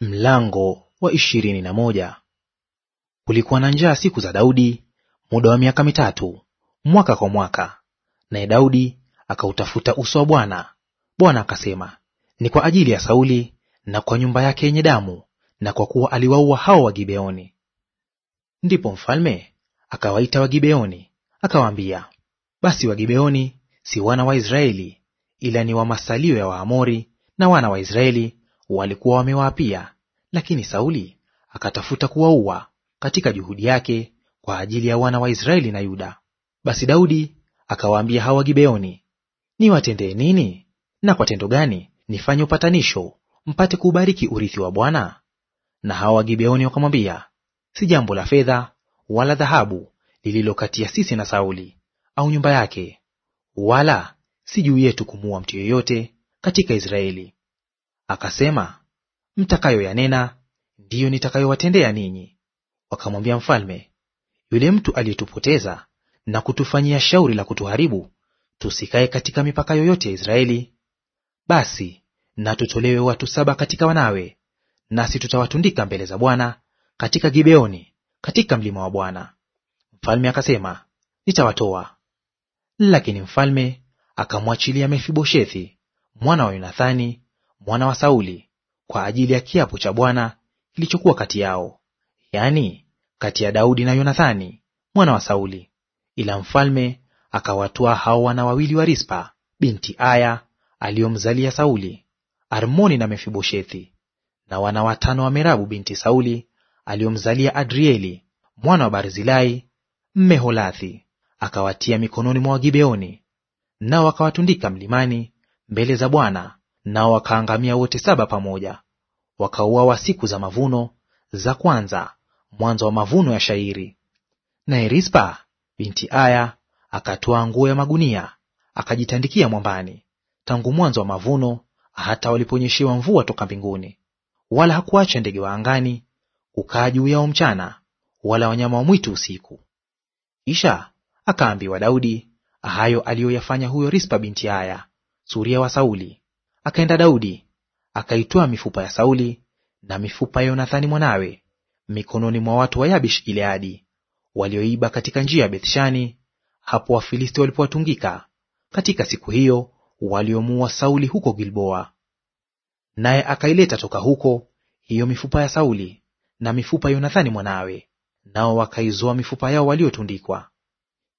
Mlango wa ishirini na moja. Kulikuwa na njaa siku za Daudi muda wa miaka mitatu mwaka kwa mwaka, naye Daudi akautafuta uso wa Bwana. Bwana akasema, ni kwa ajili ya Sauli na kwa nyumba yake yenye damu, na kwa kuwa aliwaua hao wa Gibeoni. Ndipo mfalme akawaita wa Gibeoni akawaambia, basi wa Gibeoni si wana wa Israeli, ila ni wa masalio ya Waamori na wana wa Israeli walikuwa wamewaapia, lakini Sauli akatafuta kuwaua katika juhudi yake kwa ajili ya wana wa Israeli na Yuda. Basi Daudi akawaambia hawa Gibeoni, niwatendee nini na kwa tendo gani nifanye upatanisho mpate kuubariki urithi wa Bwana? Na hawa Wagibeoni wakamwambia, si jambo la fedha wala dhahabu lililokatia sisi na Sauli au nyumba yake, wala si juu yetu kumuua mtu yeyote katika Israeli, Akasema, mtakayoyanena ndiyo nitakayowatendea ninyi. Wakamwambia mfalme, yule mtu aliyetupoteza na kutufanyia shauri la kutuharibu, tusikae katika mipaka yoyote ya Israeli, basi na tutolewe watu saba katika wanawe, nasi tutawatundika mbele za Bwana katika Gibeoni, katika mlima wa Bwana. Mfalme akasema, nitawatoa. Lakini mfalme akamwachilia Mefiboshethi mwana wa Yonathani mwana wa Sauli kwa ajili ya kiapo cha Bwana kilichokuwa kati yao, yaani kati ya Daudi na Yonathani mwana wa Sauli. Ila mfalme akawatoa hao wana wawili wa Rispa binti Aya aliyomzalia Sauli, Armoni na Mefiboshethi, na wana watano wa Merabu binti Sauli aliyomzalia Adrieli mwana wa Barzilai Mmeholathi, akawatia mikononi mwa Wagibeoni, nao akawatundika mlimani mbele za Bwana nao wakaangamia wote saba pamoja, wakauawa siku za mavuno za kwanza, mwanzo wa mavuno ya shairi. Naye Rispa binti Aya akatoa nguo ya magunia akajitandikia mwambani, tangu mwanzo wa mavuno hata waliponyeshewa mvua toka mbinguni. Wala hakuacha ndege wa angani kukaa juu yao mchana, wala wanyama wa mwitu usiku. Kisha akaambiwa Daudi hayo aliyoyafanya huyo Rispa binti Aya, suria wa Sauli, akaenda Daudi akaitoa mifupa ya Sauli na mifupa ya Yonathani mwanawe mikononi mwa watu wa Yabeshi Gileadi walioiba katika njia ya Bethshani, hapo Wafilisti walipowatungika katika siku hiyo waliomuua Sauli huko Gilboa. Naye akaileta toka huko hiyo mifupa ya Sauli na mifupa ya Yonathani mwanawe, nao wakaizoa mifupa yao waliotundikwa.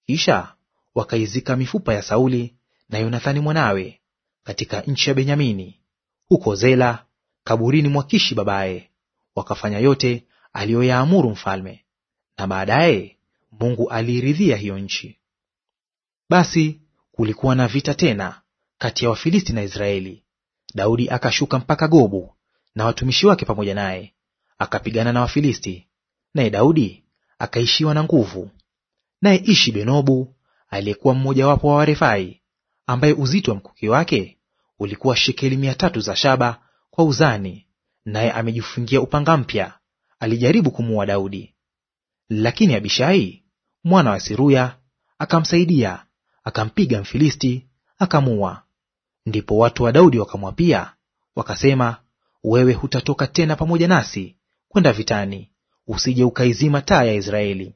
Kisha wakaizika mifupa ya Sauli na Yonathani mwanawe katika nchi ya Benyamini, huko Zela, kaburini mwa Kishi babaye. Wakafanya yote aliyoyaamuru mfalme, na baadaye Mungu aliiridhia hiyo nchi. Basi kulikuwa na vita tena kati ya Wafilisti na Israeli. Daudi akashuka mpaka Gobu na watumishi wake pamoja naye, akapigana na Wafilisti, naye Daudi akaishiwa na nguvu. Naye Ishi Benobu aliyekuwa mmojawapo wa Warefai, ambaye uzito wa mkuki wake ulikuwa shekeli mia tatu za shaba kwa uzani, naye amejifungia upanga mpya, alijaribu kumuua Daudi. Lakini Abishai mwana wa siruya akamsaidia, akampiga Mfilisti akamuua. Ndipo watu wa Daudi wakamwapia wakasema, wewe hutatoka tena pamoja nasi kwenda vitani, usije ukaizima taa ya Israeli.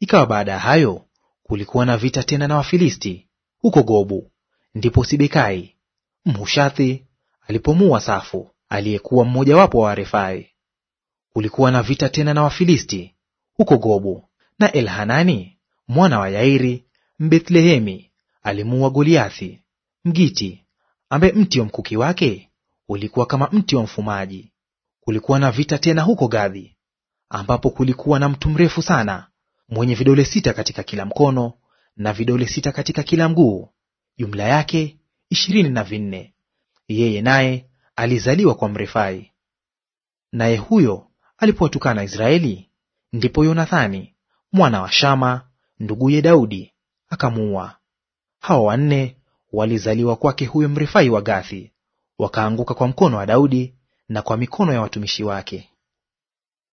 Ikawa baada ya hayo kulikuwa na vita tena na Wafilisti huko Gobu. Ndipo Sibekai Mhushathi alipomua Safu aliyekuwa mmojawapo wa Warefai. Kulikuwa na vita tena na Wafilisti huko Gobu, na Elhanani mwana wa Yairi Mbethlehemi alimuua Goliathi Mgiti, ambaye mti wa mkuki wake ulikuwa kama mti wa mfumaji. Kulikuwa na vita tena huko Gadhi, ambapo kulikuwa na mtu mrefu sana mwenye vidole sita katika kila mkono na vidole sita katika kila mguu, jumla yake ishirini na vinne. Yeye naye alizaliwa kwa Mrefai. Naye huyo alipowatukana Israeli, ndipo Yonathani mwana wa Shama nduguye Daudi akamuua. Hawa wanne walizaliwa kwake huyo Mrefai wa Gathi, wakaanguka kwa mkono wa Daudi na kwa mikono ya watumishi wake.